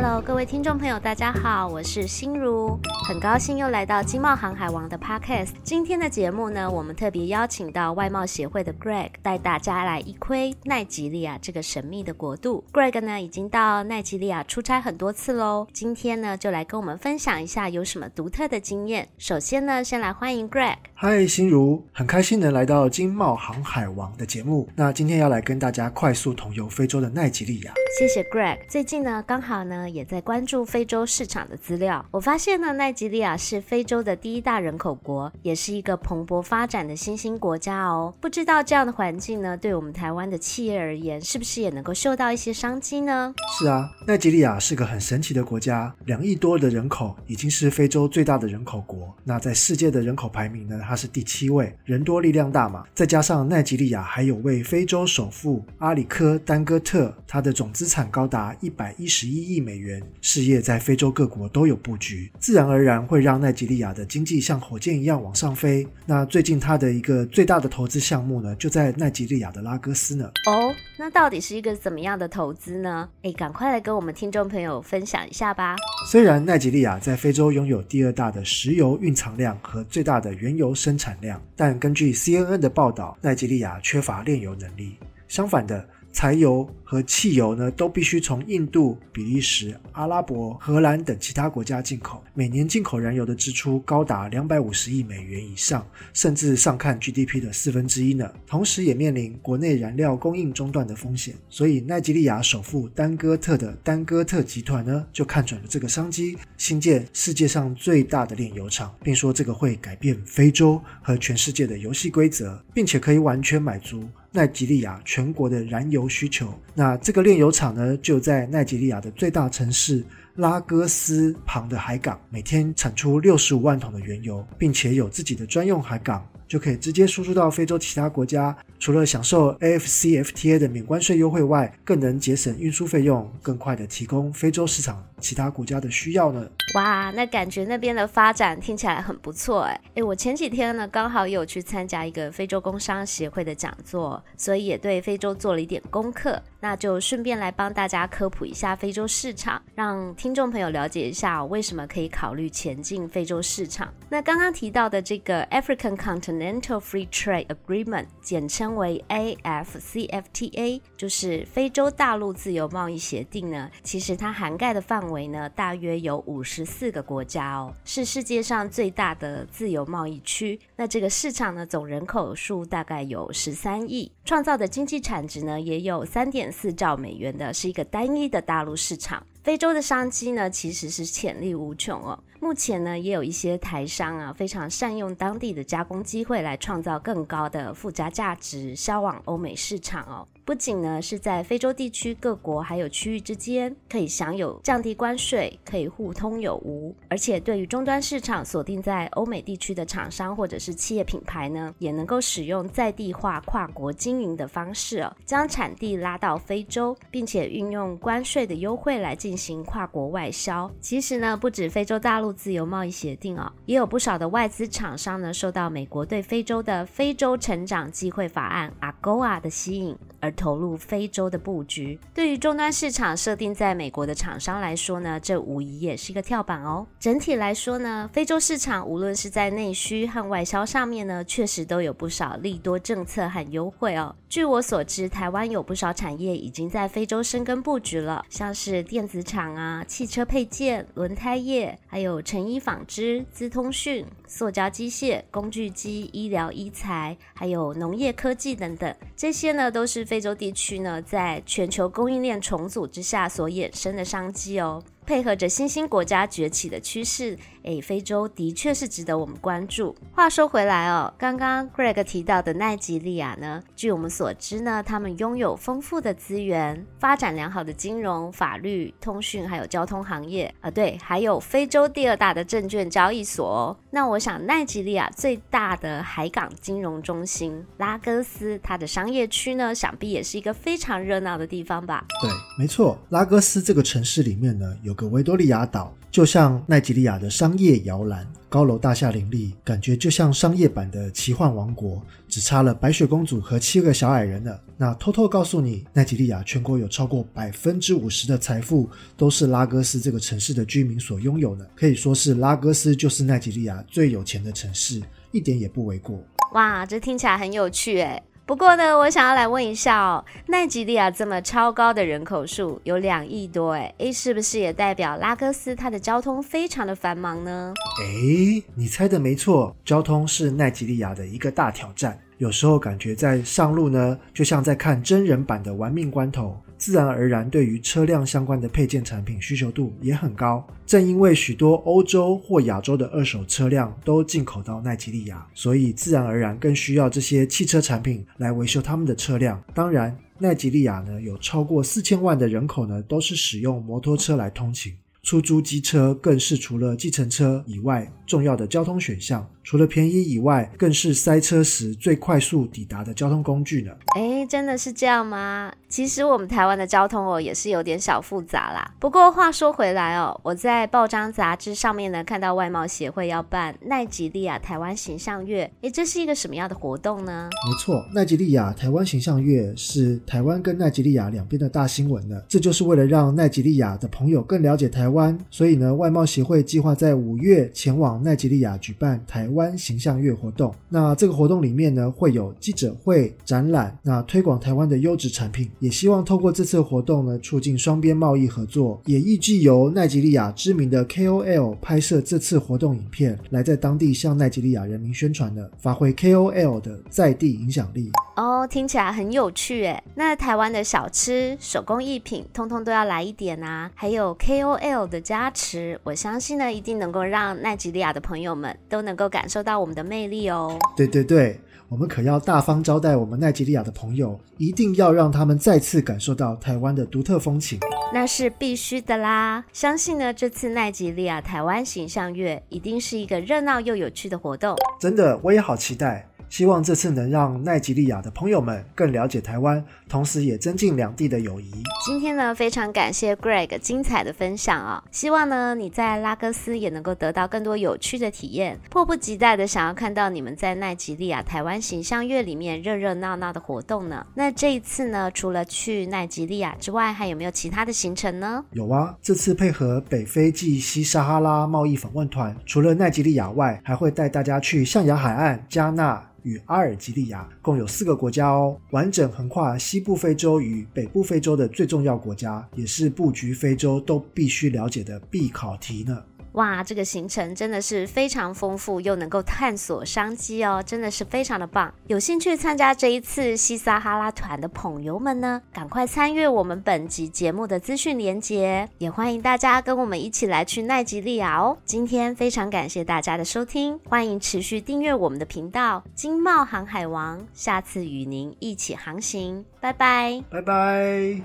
Hello，各位聽眾朋友，大家好，我是心如，很高興又來到經貿航海王的 Podcast。今天的節目呢，我們特別邀請到外貿協會的 Greg 帶大家來一窺奈及利亞這個神秘的國度。Greg 呢已經到奈及利亞出差很多次嘍，今天呢就來跟我們分享一下有什麼獨特的經驗。首先呢，先來歡迎 Greg。Hi，心如，很開心能來到經貿航海王的節目。那今天要來跟大家快速同遊非洲的奈及利亞。謝謝 Greg。最近呢，剛好呢。也在關注非洲市場的資料，我發現呢，奈及利亞是非洲的第一大人口國，也是一個蓬勃發展的新興國家哦。不知道這樣的環境呢，對我們台灣的企業而言，是不是也能夠嗅到一些商機呢？是啊，奈及利亞是個很神奇的國家，兩億多的人口已經是非洲最大的人口國。那在世界的人口排名呢，它是第七位，人多力量大嘛。再加上奈及利亞還有位非洲首富阿里科丹戈特，他的總資產高達一百一十一億美元。元事業在非洲各國都有布局，自然而然會讓奈及利亞的經濟像火箭一樣往上飛。那最近他的一個最大的投資項目呢，就在奈及利亞的拉格斯呢。哦，那到底是一個怎麼樣的投資呢？誒，趕快來跟我們聽眾朋友分享一下吧。雖然奈及利亞在非洲擁有第二大的石油蘊藏量和最大的原油生產量，但根據 CNN 的報道，奈及利亞缺乏煉油能力。相反的。柴油和汽油呢，都必須從印度、比利時、阿拉伯、荷蘭等其他國家進口。每年進口燃油的支出高達兩百五十億美元以上，甚至上看 GDP 的四分之一呢。同時，也面臨國內燃料供應中斷的風險。所以，奈及利亞首富丹戈特的丹戈特集團呢，就看準了這個商機，新建世界上最大的煉油廠，並說這個會改變非洲和全世界的遊戲規則，並且可以完全滿足。奈及利亞全國的燃油需求，那這個煉油廠呢，就在奈及利亞的最大城市拉戈斯旁的海港，每天產出六十五萬桶的原油，並且有自己的專用海港，就可以直接輸出到非洲其他國家。除了享受 AfCFTA 的免關稅優惠外，更能節省運輸費用，更快地提供非洲市場其他國家的需要呢。哇，那感覺那邊的發展聽起來很不錯，誒。誒，我前幾天呢，剛好有去參加一個非洲工商協會的講座，所以也對非洲做了一點功課。那就順便來幫大家科普一下非洲市場，讓聽眾朋友了解一下、哦、為什麼可以考慮前進非洲市場。那剛剛提到的這個 African Continental Free Trade Agreement，簡稱為 AFCFTA，就是非洲大陸自由貿易協定呢。其實它涵蓋的範圍呢，大約有五十四個國家哦，是世界上最大的自由貿易區。那這個市場呢，總人口數大概有十三億，創造的經濟產值呢，也有三點。四兆美元的是一個單一的大陸市場，非洲的商機呢，其實是潛力無窮哦。目前呢，也有一些台商啊，非常善用當地的加工機會來創造更高的附加價值，銷往歐美市場哦。不僅呢是在非洲地區各國還有區域之間可以享有降低關稅，可以互通有無，而且對於終端市場鎖定在歐美地區的廠商或者是企業品牌呢，也能夠使用在地化跨國經營的方式哦，將產地拉到非洲，並且運用關稅的優惠來進行跨國外銷。其實呢，不止非洲大陸。自由貿易協定啊、哦，也有不少的外資廠商呢，受到美國對非洲的非洲成長機會法案 （AGOA） 的吸引而投入非洲的布局。對於終端市場設定在美國的廠商來說呢，這無疑也是一個跳板哦。整體來說呢，非洲市場無論是在內需和外銷上面呢，確實都有不少利多政策和優惠哦。據我所知，台灣有不少產業已經在非洲深耕布局了，像是電子廠啊、汽車配件、輪胎業，還有。成衣、紡織、資通訊、塑膠機械、工具機、醫療、醫材，還有農業科技等等，這些呢，都是非洲地區呢，在全球供應鏈重組之下所衍生的商機哦。配合着新興國家崛起的趨勢，誒，非洲的確是值得我們關注。話說回來哦，剛剛 Greg 提到的奈及利亞呢，據我們所知呢，他們擁有豐富的資源，發展良好的金融、法律、通訊還有交通行業啊，呃，對，還有非洲第二大的證券交易所哦。那我想奈及利亞最大的海港金融中心拉各斯，它的商業區呢，想必也是一個非常熱鬧的地方吧？對，沒錯，拉各斯這個城市裡面呢有。葛維多利亞島就像奈及利亞的商業搖籃，高樓大廈林立，感覺就像商業版的奇幻王國，只差了白雪公主和七個小矮人了。那偷偷告訴你，奈及利亞全國有超過百分之五十的財富都是拉各斯這個城市的居民所擁有的，可以說是拉各斯就是奈及利亞最有錢的城市，一點也不為過。哇，這聽起來很有趣誒。不過呢，我想要來問一下，哦，奈及利亞這麼超高的人口數，有兩億多，誒，誒，是不是也代表拉各斯它的交通非常的繁忙呢？誒，你猜的沒錯，交通是奈及利亞的一個大挑戰。有時候感覺在上路呢，就像在看真人版的《玩命關頭》，自然而然對於車輛相關的配件產品需求度也很高。正因為許多歐洲或亞洲的二手車輛都進口到奈及利亞，所以自然而然更需要這些汽車產品來維修他們的車輛。當然，奈及利亞呢有超過四千萬的人口呢，都是使用摩托車來通勤，出租機車更是除了計程車以外重要的交通選項。除了便宜以外，更是塞車時最快速抵達的交通工具呢。哎，真的是這樣嗎？其實我們台灣的交通哦，也是有點小複雜啦。不過話說回來哦，我在報章雜誌上面呢，看到外貿協會要辦奈及利亞台灣形象月。哎，這是一個什麼樣的活動呢？沒錯，奈及利亞台灣形象月是台灣跟奈及利亞兩邊的大新聞呢。這就是為了讓奈及利亞的朋友更了解台灣，所以呢，外貿協會計劃在五月前往奈及利亞舉辦台灣。觀形象月活動，那這個活動裡面呢，會有記者會、展覽，那推廣台灣的優質產品，也希望透過這次活動呢，促進雙邊貿易合作。也預計由奈及利亞知名的 KOL 拍攝這次活動影片，來在當地向奈及利亞人民宣傳的，發揮 KOL 的在地影響力。哦、oh，聽起來很有趣誒。那台灣的小吃、手工藝品，通通都要來一點吶，啊，還有 KOL 的加持，我相信呢，一定能夠讓奈及利亞的朋友們都能夠感受到我們的魅力哦！對對對，我們可要大方招待我們奈及利亞的朋友，一定要讓他們再次感受到台灣的獨特風情。那是必須的啦！相信呢，這次奈及利亞台灣形象月一定是一個熱鬧又有趣的活動。真的，我也好期待。希望這次能讓奈及利亞的朋友們更了解台灣，同時也增進兩地的友誼。今天呢，非常感謝 Greg 精彩的分享啊、哦！希望呢，你在拉各斯也能夠得到更多有趣的體驗，迫不及待的想要看到你們在奈及利亞台灣形象月裡面熱熱鬧鬧的活動呢。那這一次呢，除了去奈及利亞之外，還有沒有其他的行程呢？有啊，這次配合北非暨西撒哈拉貿易訪問團，除了奈及利亞外，還會帶大家去象牙海岸、加納。與阿爾及利亞共有四個國家哦，完整橫跨西部非洲與北部非洲的最重要國家，也是布局非洲都必須了解的必考題呢。哇，這個行程真的是非常豐富，又能夠探索商機哦，真的是非常的棒！有興趣參加這一次西撒哈拉團的朋友們呢，趕快參與我們本集節目的資訊連接，也歡迎大家跟我們一起來去奈及利亞哦。今天非常感謝大家的收聽，歡迎持續訂閱我們的頻道《經貿航海王》，下次與您一起航行，拜拜，拜拜。